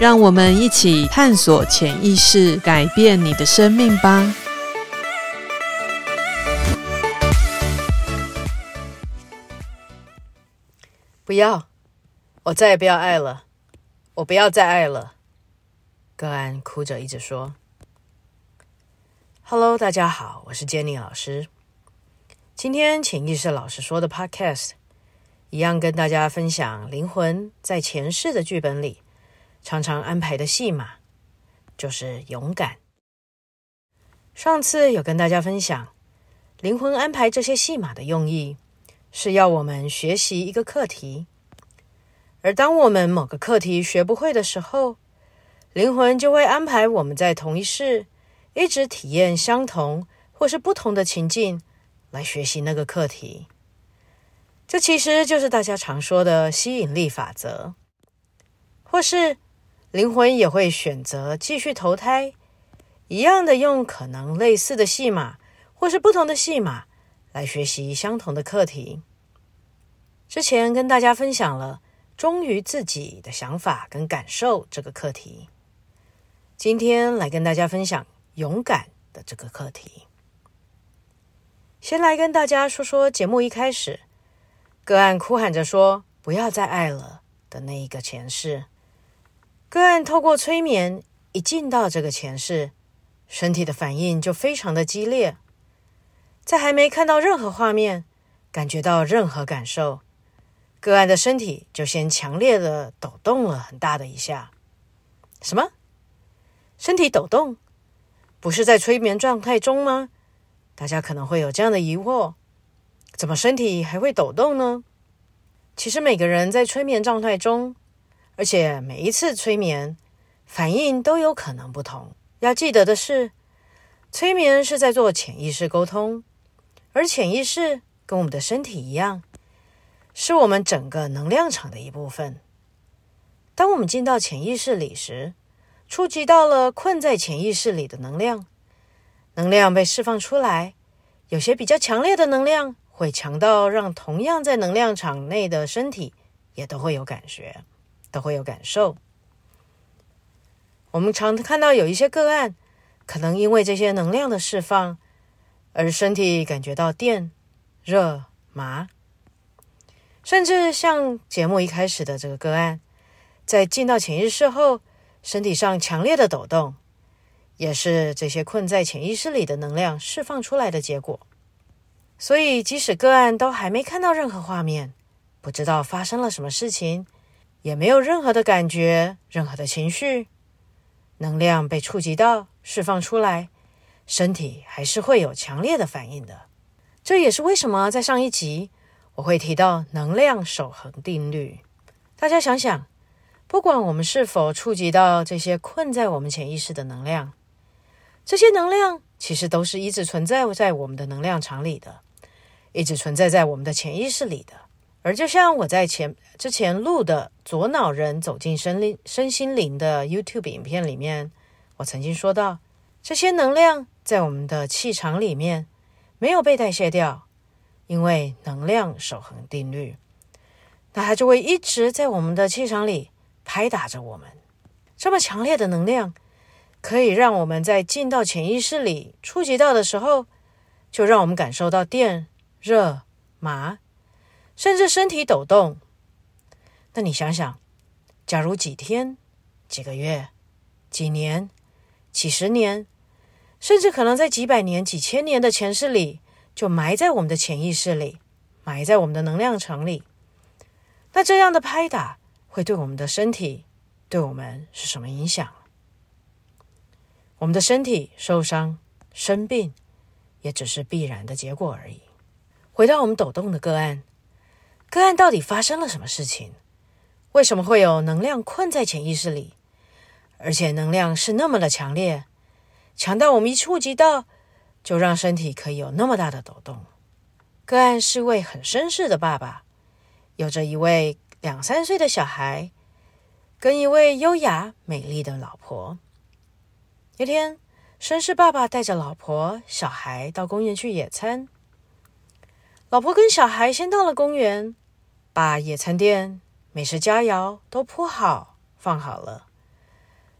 讓我們一起探索潛意識，改變你的生命吧！不要，我再也不要愛了，我不要再愛了。個案哭着一直說：“Hello，大家好，我是 Jenny 老師。今天潛意識老實說的 Podcast 一樣，跟大家分享靈魂在前世的劇本裡。”常常安排的戲碼就是勇敢。上次有跟大家分享，靈魂安排這些戲碼的用意，是要我們學習一個課題。而當我們某個課題學不會的時候，靈魂就會安排我們在同一世一直體驗相同或是不同的情境，來學習那個課題。這其實就是大家常說的吸引力法則，或是，靈魂也會選擇繼續投胎，一樣的用可能類似的戲碼，或是不同的戲碼，來學習相同的課題。之前跟大家分享了忠於自己的想法跟感受這個課題，今天來跟大家分享勇敢的這個課題。先來跟大家說說節目一開始，個案哭喊着說“不要再愛了”的那一個前世。個案透過催眠一進到這個前世，身體的反應就非常的激烈，在還沒看到任何畫面，感覺到任何感受，個案的身體就先強烈的抖動了很大的一下。什麼？身體抖動？不是在催眠狀態中嗎？大家可能會有這樣的疑惑，怎麼身體還會抖動呢？其實每個人在催眠狀態中。而且每一次催眠反應都有可能不同。要記得的是，催眠是在做潛意識溝通，而潛意識跟我們的身體一樣，是我們整個能量場的一部分。當我們進到潛意識裡時，觸及到了困在潛意識裡的能量，能量被釋放出來，有些比較強烈的能量會強到讓同樣在能量場內的身體也都會有感覺。都會有感受。我們常看到有一些個案，可能因為這些能量的釋放，而身體感覺到電、熱、麻。甚至像節目一開始的這個個案，在進到潛意識後，身體上強烈的抖動，也是這些困在潛意識裡的能量釋放出來的結果。所以即使個案都還沒看到任何畫面，不知道發生了什麼事情。也沒有任何的感覺，任何的情緒，能量被觸及到，釋放出來，身體還是會有強烈的反應的。這也是為什麼在上一集我會提到能量守恆定律。大家想想，不管我們是否觸及到這些困在我們潛意識的能量，這些能量其實都是一直存在在我們的能量場裡的，一直存在在我們的潛意識裡的。而就像我在前之前錄的《左腦人走進身靈身心靈》的 YouTube 影片裡面，我曾經說到，這些能量在我們的氣場裡面沒有被代謝掉，因為能量守恆定律，那它就會一直在我們的氣場裡拍打着我們。這麼強烈的能量，可以讓我們在進到潛意識裡觸及到的時候，就讓我們感受到電、熱、麻。甚至身體抖動，那你想想，假如幾天、幾個月、幾年、幾十年，甚至可能在幾百年、幾千年的前世裡，就埋在我們的潛意識裡，埋在我們的能量場裡，那這樣的拍打會對我們的身體，對我們是什麼影響？我們的身體受傷、生病，也只是必然的結果而已。回到我們抖動的個案。個案到底發生了什麼事情？為什麼會有能量困在潛意識裡，而且能量是那麼的強烈，強到我們一觸及到，就讓身體可以有那麼大的抖動？個案是一位很紳士的爸爸，有着一位兩三歲的小孩，跟一位優雅美麗的老婆。一天，紳士爸爸帶着老婆、小孩到公園去野餐。老婆跟小孩先到了公園，把野餐墊、美食佳餚都鋪好、放好了。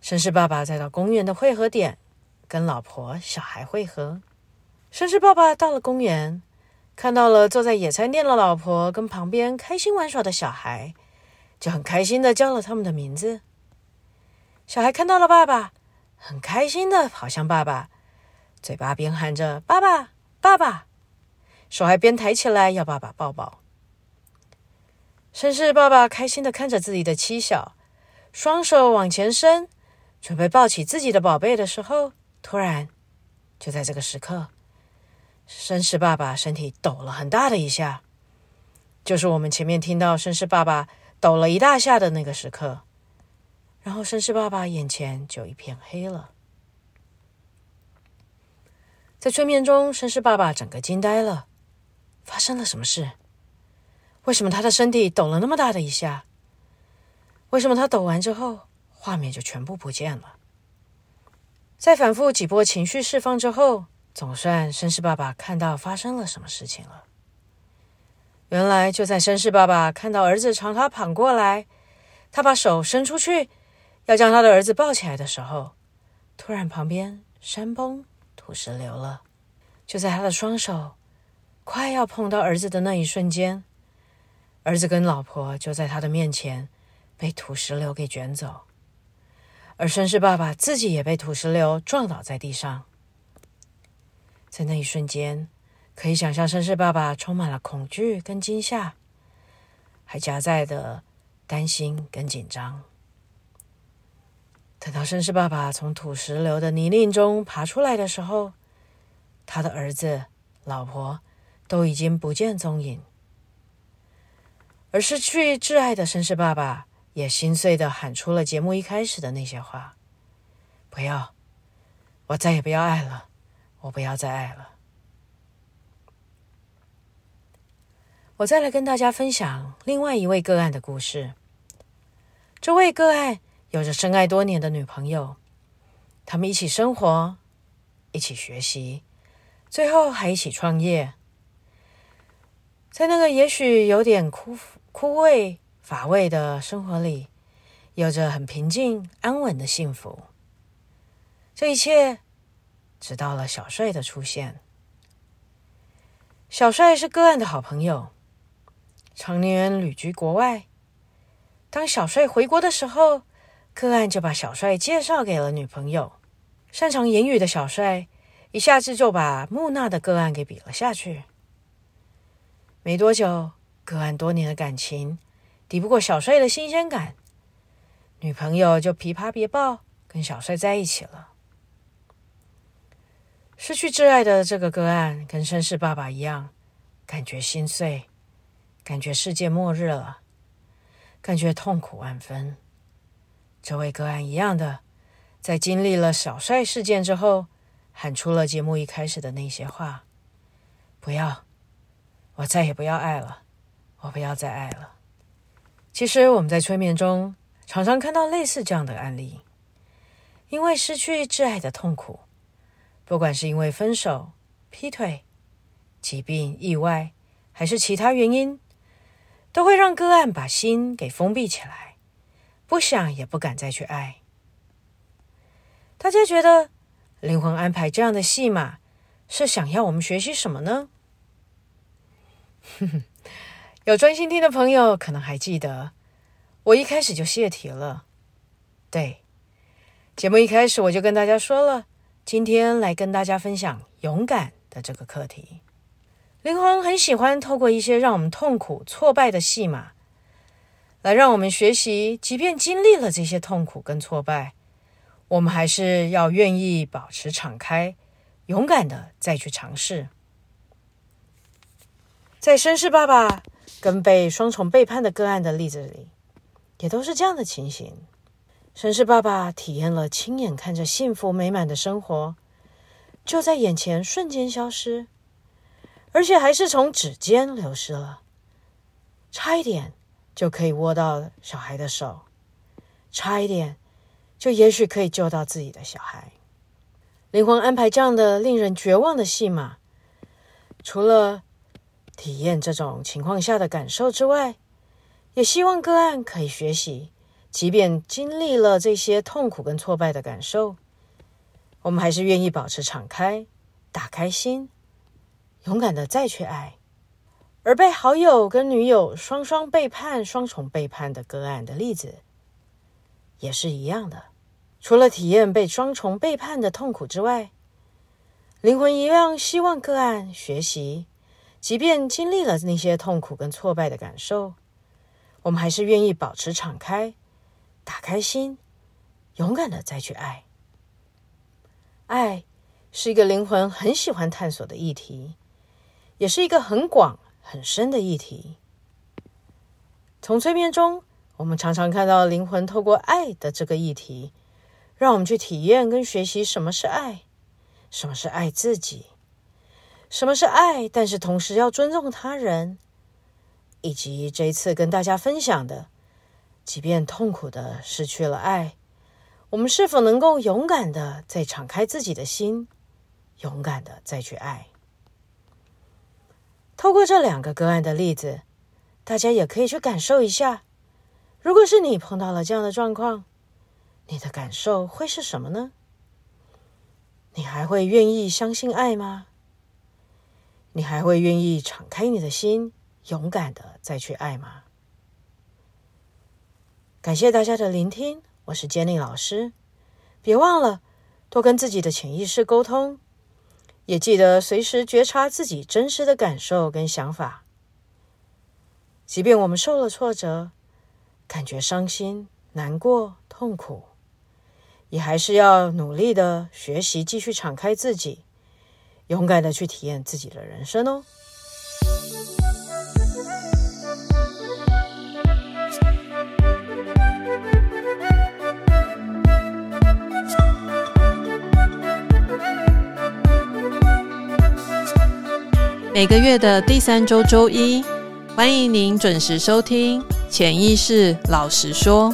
紳士爸爸再到公園的匯合點，跟老婆、小孩匯合。紳士爸爸到了公園，看到了坐在野餐墊的老婆跟旁邊開心玩耍的小孩，就很開心地叫了他們的名字。小孩看到了爸爸，很開心地跑向爸爸，嘴巴邊喊着“爸爸，爸爸”。手還邊抬起來要爸爸抱抱，紳士爸爸開心的看着自己的妻小，雙手往前伸，準備抱起自己的寶貝的時候，突然，就在這個時刻，紳士爸爸身體抖了很大的一下，就是我們前面聽到紳士爸爸抖了一大下的那個時刻，然後紳士爸爸眼前就一片黑了，在催眠中，紳士爸爸整個驚呆了。發生了什麼事？為什麼他的身體抖了那麼大的一下？為什麼他抖完之後，畫面就全部不見了？在反覆幾波情緒釋放之後，總算紳士爸爸看到發生了什麼事情了。原來就在紳士爸爸看到兒子朝他跑過來，他把手伸出去，要將他的兒子抱起來的時候，突然旁邊山崩土石流了，就在他的雙手。快要碰到兒子的那一瞬間，兒子跟老婆就在他的面前被土石流給捲走，而紳士爸爸自己也被土石流撞倒在地上。在那一瞬間，可以想象紳士爸爸充滿了恐懼跟驚嚇，還夾雜著擔心跟緊張。等到紳士爸爸從土石流的泥濘中爬出來的時候，他的兒子、老婆，都已經不見蹤影，而失去摯愛的紳士爸爸也心碎的喊出了節目一開始的那些話：“不要，我再也不要愛了，我不要再愛了。”我再來跟大家分享另外一位個案的故事。這位個案有着深愛多年的女朋友，他們一起生活，一起學習，最後還一起創業。在那個也許有點枯枯萎乏味的生活裡，有着很平靜安穩的幸福。這一切，直到了小帥的出現。小帥是個案的好朋友，常年旅居國外。當小帥回國的時候，個案就把小帥介紹給了女朋友。擅長言語的小帥，一下子就把木訥的個案給比了下去。沒多久，個案多年的感情，抵不過小帥的新鮮感，女朋友就琵琶別抱，跟小帥在一起了。失去摯愛的這個個案，跟紳士爸爸一樣，感覺心碎，感覺世界末日了，感覺痛苦萬分。這位個案一樣的，在經歷了小帥事件之後，喊出了節目一開始的那些話：“不要。”我再也不要愛了，我不要再愛了。其實我們在催眠中常常看到類似這樣的案例，因為失去摯愛的痛苦，不管是因為分手、劈腿、疾病、意外，還是其他原因，都會讓個案把心給封閉起來，不想也不敢再去愛。大家覺得靈魂安排這樣的戲碼，是想要我們學習什麼呢？哼哼， 有專心聽的朋友，可能還記得，我一開始就洩題了。對，節目一開始我就跟大家說了，今天來跟大家分享勇敢的這個課題。靈魂很喜歡透過一些讓我們痛苦、挫敗的戲碼，來讓我們學習，即便經歷了這些痛苦跟挫敗，我們還是要願意保持敞開，勇敢的再去嘗試。在紳士爸爸跟被雙重背叛的個案的例子裡，也都是這樣的情形。紳士爸爸體驗了親眼看着幸福美滿的生活，就在眼前瞬間消失，而且還是從指尖流失了，差一點就可以握到小孩的手，差一點就也許可以救到自己的小孩。靈魂安排這樣的令人絕望的戲碼，除了……體驗這種情況下的感受之外，也希望個案可以學習，即便經歷了這些痛苦跟挫敗的感受，我們還是願意保持敞開，打開心，勇敢的再去愛。而被好友跟女友雙雙背叛、雙重背叛的個案的例子，也是一樣的。除了體驗被雙重背叛的痛苦之外，靈魂一樣希望個案學習。即便經歷了那些痛苦跟挫敗的感受，我們還是願意保持敞開，打開心，勇敢的再去愛。愛是一個靈魂很喜歡探索的議題，也是一個很廣很深的議題。從催眠中，我們常常看到靈魂透過愛的這個議題，讓我們去體驗跟學習什麼是愛，什麼是愛自己。什麼是愛？但是同時要尊重他人，以及這一次跟大家分享的，即便痛苦的失去了愛，我們是否能夠勇敢的再敞開自己的心，勇敢的再去愛？透過這兩個個案的例子，大家也可以去感受一下，如果是你碰到了這樣的狀況，你的感受會是什麼呢？你還會願意相信愛嗎？你還會願意敞開你的心，勇敢的再去愛嗎？感謝大家的聆聽，我是 Jenny 老師。別忘了多跟自己的潛意識溝通，也記得隨時覺察自己真實的感受跟想法。即便我們受了挫折，感覺傷心、難過、痛苦，也還是要努力的學習，繼續敞開自己。勇敢的去體驗自己的人生哦！每個月的第三週週一，歡迎您準時收聽《潛意識老實說》。